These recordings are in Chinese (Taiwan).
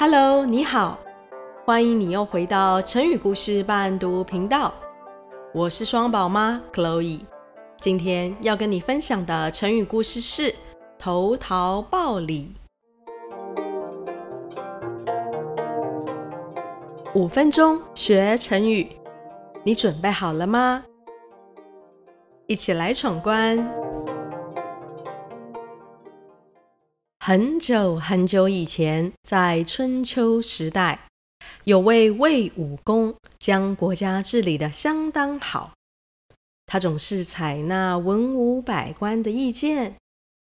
Hello，你好，歡迎你又回到成語故事伴讀頻道。我是雙寶媽 Chloe，今天要跟你分享的成語故事是“投桃報李”。五分鐘學成語，你準備好了嗎？一起來闖關！很久很久以前，在春秋時代，有位魏武公將國家治理得相當好。他總是採納文武百官的意見，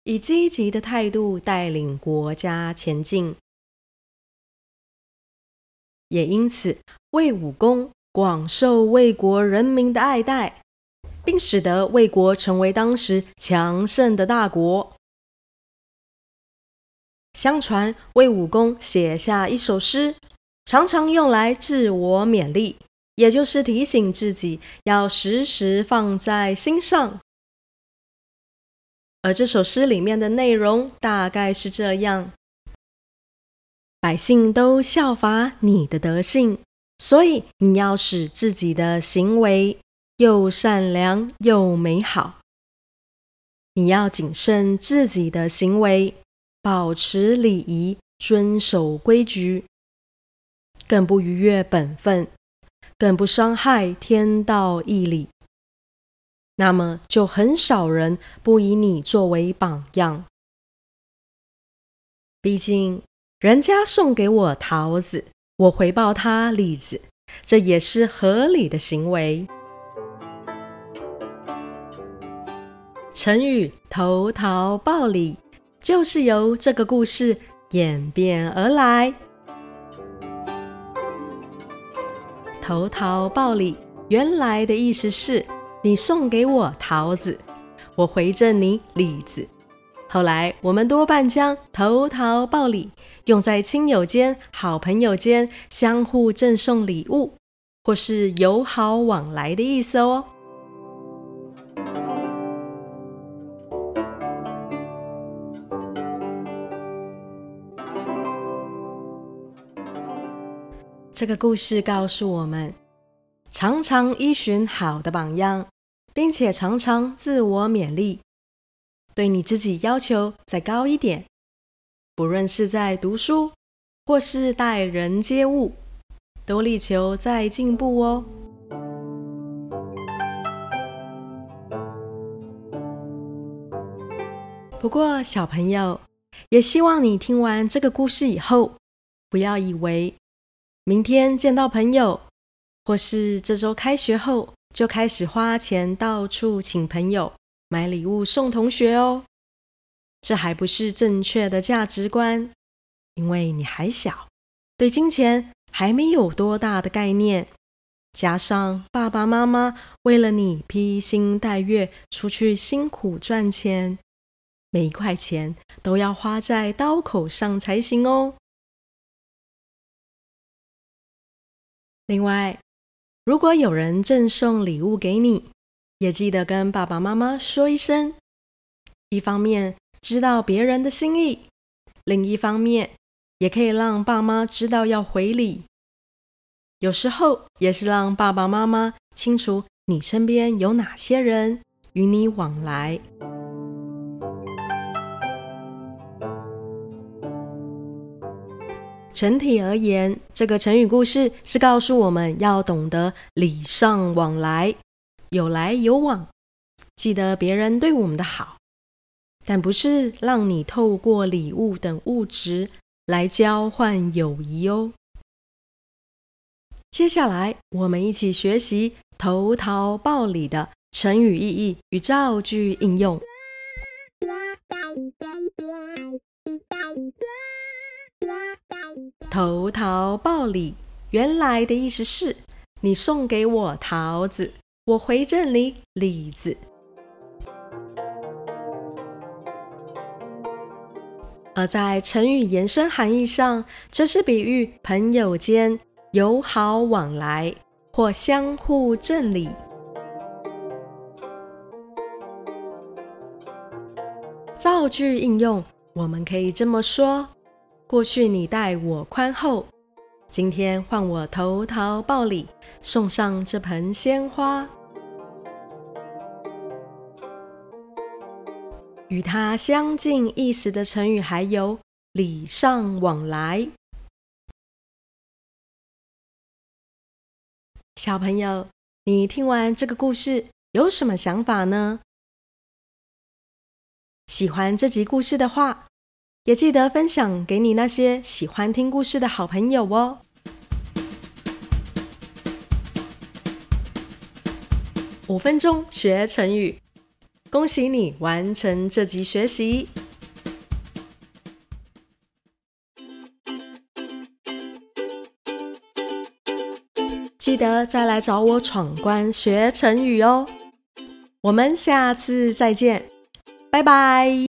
以積極的態度帶領國家前進。也因此，魏武公廣受魏國人民的愛戴，並使得魏國成為當時強盛的大國。相傳衛武公寫下一首詩，常常用來自我勉勵，也就是提醒自己要時時放在心上。而這首詩裡面的內容大概是這樣：百姓都效法你的德性，所以你要使自己的行為又善良又美好。你要謹慎自己的行為。保持禮儀，遵守規矩，更不逾越本分，更不傷害天道義理。那麼，就很少人不以你作為榜樣。畢竟，人家送給我桃子，我回報他李子，這也是合理的行為。成語“投桃報李”。就是由這個故事演變而來。投桃報李，原來的意思是你送給我桃子，我回贈你李子。後來，我們多半將“投桃報李”用在親友間、好朋友間相互贈送禮物，或是友好往來的意思哦。這個故事告訴我們，常常依循好的榜樣，並且常常自我勉勵，對你自己要求再高一點。不論是在讀書，或是待人接物，都力求再進步哦。不過，小朋友也希望你聽完這個故事以後，不要以為。明天見到朋友，或是這週開學後，就開始花錢到處請朋友、買禮物送同學哦。這還不是正確的價值觀，因為你還小，對金錢還沒有多大的概念。加上爸爸媽媽為了你披星戴月出去辛苦賺錢，每一塊錢都要花在刀口上才行哦。另外，如果有人贈送禮物給你，也記得跟爸爸媽媽說一聲。一方面知道別人的心意，另一方面也可以讓爸媽知道要回禮。有時候也是讓爸爸媽媽清楚你身邊有哪些人與你往來。整體而言，這個成語故事是告訴我們要懂得禮尚往來，有來有往。記得別人對我們的好，但不是讓你透過禮物等物質來交換友誼哦。接下來，我們一起學習“投桃報李”的成語意義與造句應用。投桃報李，原來的意思是你送給我桃子，我回贈你李子。而在成語延伸含義上，這是比喻朋友間友好往來或相互贈禮。造句應用，我們可以這麼說。過去你待我寬厚，今天換我投桃報李，送上這盆鮮花。與它相近意思的成語還有“禮尚往來”。小朋友，你聽完這個故事有什麼想法呢？喜歡這集故事的話，也記得分享給你那些喜歡聽故事的好朋友哦。五分鐘學成語，恭喜你完成這集學習。記得再來找我闖關學成語哦。我們下次再見，拜拜。